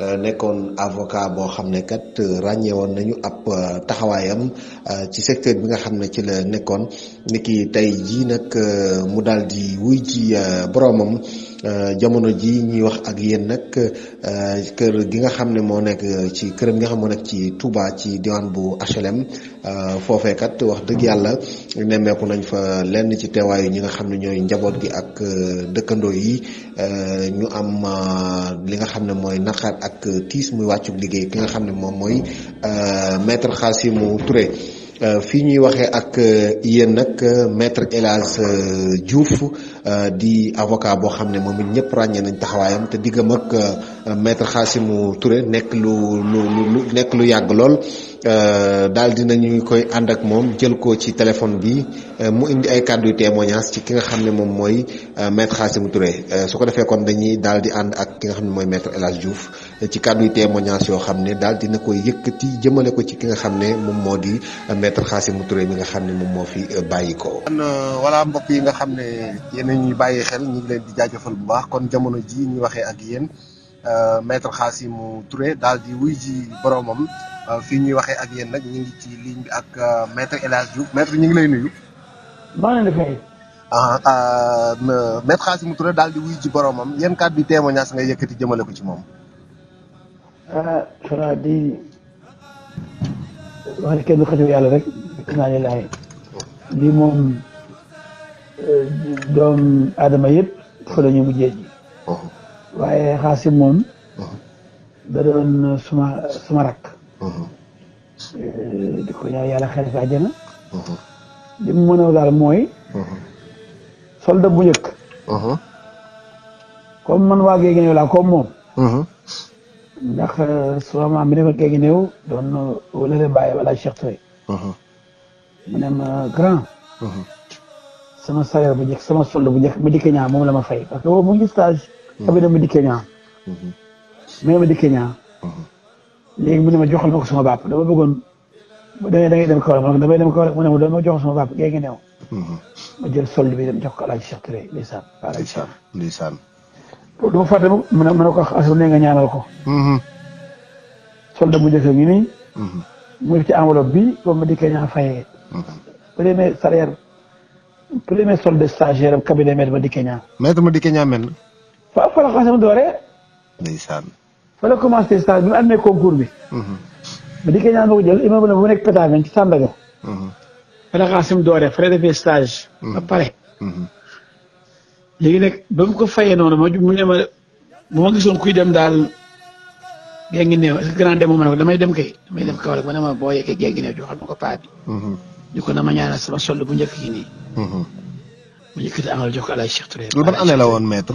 Euh, nekkoon avocat boo xam ne kat euh, ràññeewoon nañu ab euh, taxawaayam ci secteur bi nga xam ne ci la nekkoon niki tey jii nag mu daal di wuy ji boromam jamono ji ñuy wax ak yéen nag kër gi nga xam ne moo nekk ci këram nga xam moo ci Touba ci diwaan bu HLM foofee kat wax dëgg yàlla nemmeeku nañ fa lenn ci teewaayu ñi nga xam ne ñooy njaboot gi ak dëkkandoo yi ñu am li nga xam ne mooy naqaat ak tiis muy wàccug liggéey ki nga xam ne moom mooy euh, maître Khassimou Touré euh, fii ñuy waxee ak euh, yéen nag maître El Hadj Diouf di avocat boo xam ne moom it ñëpp ràññee nañ taxawaayam te diggam ak maître mu Touré nekk lu lu lu nekk lu yàgg lool. Euh, daal di nañu koy ànd ak moom jël ko ci téléphone bi euh, mu indi ay kàddu yu ci ki nga xam ne moom mooy euh, maître Khassimou su ko defee kon dañuy daal di ànd ak ki xam ne mooy maître El Hadj ci kàddu yu yoo xam ne daal dina koy yëkkati jëmale ko ci ki nga xam ne moom moo di maître Khassimou Touré mi nga xam ne moom moo fi bàyyi ko. kon voilà mbokk yi nga xam ne yéen ñuy bàyyi xel ñu ngi leen di jaajëfal bu baax kon jamono ji ñu waxee ak yéen. Euh, maître Khassimou Touré dal di wuy ji boromam euh, fii ñuy waxee ak yéen nag ñu ngi ci ligne ak euh, maître El Hadj Diouf ñu ngi lay nuyu. maa ngi lay ah maître Khassimou Touré daal di wuy ji boromam yan kàddu témoignage nga yëkkati jëmale ko ci moom. ah di wax ne kenn xëy yàlla rek naa leen lii moom doom aadama yëpp fa la mujjee ji. Oh. waaye xaasim moom uh-huh. da doon suma suma rakk uh-huh. eh, di ko ñaan yàlla xel fi àjjana uh-huh. li mu mën mooy soldat bu njëkk comme man waa géegi néew laa comme moom ndax eh, suma maam bi nekkoon géegi néew doon wëlëre bàyyi wala Cheikh Touré mu ma grand sama salaire bu njëkk sama soldat bu njëkk ma dikk ñaan moom la ma fay parce que boobu mu abi dama hmm ñaar mais ma dikkee ñaar mhm. léegi mu ne ma joxal ma ko sama bàpp dama bëggoon da da ngay dem Kaolack ma damay dem Kaolack mu ne ma doon joxal sama bàpp gee ngi neew mhm. ma jël solde bi dem jox ko Alaaji Cheikh Touré ndeysaan ndeysaan ndeysaan du ma fàtte ne ne ah, nga ñaanal ko mhm. mu ci enveloppe bi ma premier salaire premier solde stagiaire cabinet maître ma dikkee ñaar maître ma fa fa la xasam dooree. ndeysaan. fa bi mu amee concours bi. Mhm. ma dikkee ñaan ma ko jël immeuble bu nekk mhm. la xasam dooree fa la defee mhm. ba pare. léegi nag ba mu ko fayee noonu ma mu ne ma bu ma kuy dem daal gée ngi néew est-ce que grand dem ma ne ko damay dem kay damay dem Kaolack ma ne ma boo yeggee gée ngi néew joxal ma ko paa bi. ko na ma ñaanal sama sol bu njëkk yi nii. mu njëkk di amal jox ko El Hadj Cheikh la woon maître.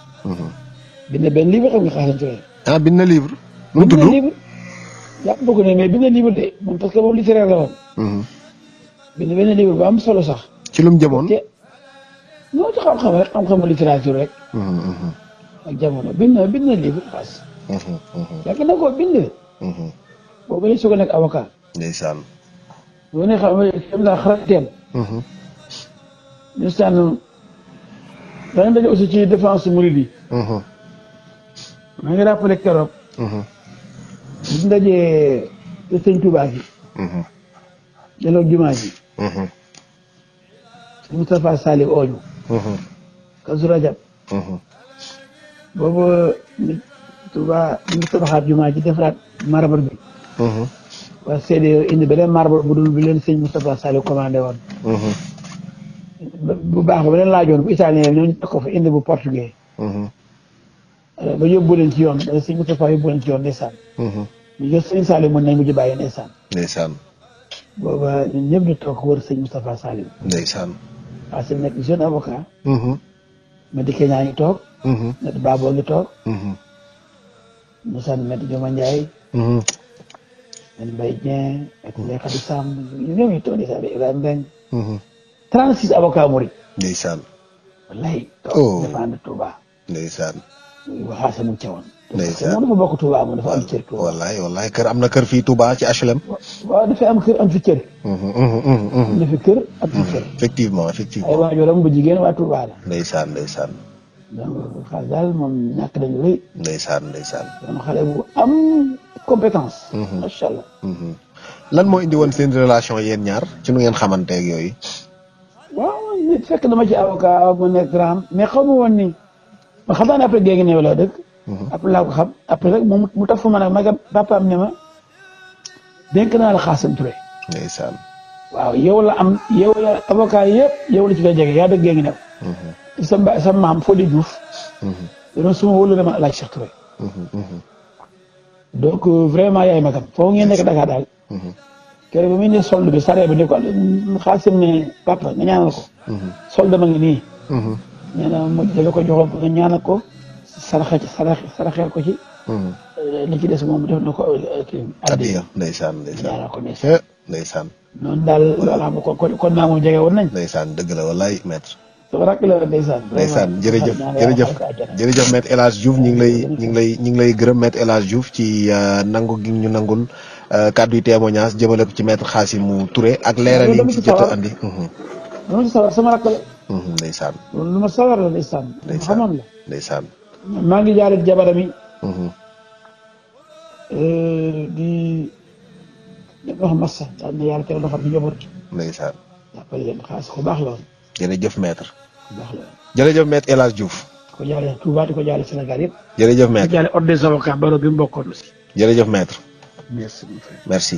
Mm-hmm. bind benn livre xam nga xaalis Touré. ah bind na livre. lu mu tudd bind na de moom parce que moom littéraire la woon. Mm-hmm. bind benn livre bu am solo sax. ci lu mu jëmoon te ñoo ci xam-xam rek xam-xamu rek. Mm-hmm, ak jamono bind na bind na livre pass. yàgg na koo bind. boobu la soog a nekk avocat. ndeysaan. boo nee xam danañ daje aussi ci défense murid yi. Mhm. maa ngi rappelé keroog. Mhm. bu ñu dajee sëñ Tuubaa yi. Mhm. jëloog jumaa ji. sëñ Moustapha Salif Oñu. Kazu Rajab. boobu Tuubaa ñu ngi tabaxaat defaraat marbre bi. waa CDO indi beneen marbre bu dul bi leen sëñ Moustapha Salif commandé woon. bu baax ba leen laajoon bu italien ñooñu ko fa indi bu portugais. Mm-hmm. Euh, ba yóbbu leen ci yoon sëñ Moustapha yóbbu leen ci yoon ndeysaan. Mm-hmm. ñu jot sëñ Salim mën nañ mujj bàyyi ndeysaan. ndeysaan. booba ñun ñëpp di toog wër sëñ Moustapha Salim. ndeysaan. waaw sëñ nekk jeune avocat. Madické mm-hmm. Niang ngi toog. Maître Babo ngi toog. Moussa Maître Dioma Ndiaye. Mbay Dieng ak Ndeye 36 avocats Mouride. ndeysaan. wallaay. oh défendre Touba. ndeysaan. waxaa sa mu cawoon. ndeysaan moom dafa bokk Touba moom dafa am cër. Touba wallaay wallaay kër am na kër fii Touba ci HLM. waaw dafay am kër am fi cër. am na fi kër am fi cër. effectivement effectivement. ay waajuram bu jigéen waa Touba la. ndeysaan ndeysaan. donc xaalis daal moom ñàkk dañu lay. ndeysaan ndeysaan. doon xale bu am compétence. macha allah. lan moo indi woon seen relation yéen ñaar ci nu ngeen xamanteeg yooyu. fekk na ma ci avocat mu nekk grand mais xaw ma woon ni ma xam naa ne après géej gi la dëkk. Mhm. après laa ko xam après mu tax fa ma nag ma papaam ne ma dénk naa la Xaasim Touré. ndeysaan. waaw yow la am yow la avocat yëpp yow la ci koy jege yaa dëkk géej gi ne mhm. sa mba sa maam Fodé mhm. yaay magam foofu ngeen nekk Dakar daal. keroog ba muy ne solde bi saree bi ne ko Xaasim ne papa nga ñaanal ko. solde ma ngi nii. Mm-hmm. nee naa ma ko joxoon ko ñaanal ko ko ci. Mm-hmm. Eh, li ci ko eh, eh, kii. addiya ndeysaan ndeysaan ko ndeysaan. noonu daal loolu kon kon dëgg la wallaay maître. sama rakk la jërëjëf jërëjëf jërëjëf maître El Hadj ñu ngi lay ñu ngi lay ñu ngi lay gërëm maître El ci euh, nangu gi ñu nangul euh, kàddu yi témoignage jëmale ko ci maître Khassimou Touré ak leeral yi ci jot andi. dama ci sawar sama rakk la. Mm-hmm, ndeysaan. loolu lu ma sawar la ndeysaan. ndeysaan maa ngi jaaree jabaram yi. Mm-hmm. Euh, di di wax Massa daal na yàlla keroog dafa am njaboot. ndeysaan. jàppale leen ko baax la woon. jërëjëf maître. ku la woon. ko jaaree Touba ko jaaree Sénégal yëpp. jërëjëf maître di ko jaaree merci.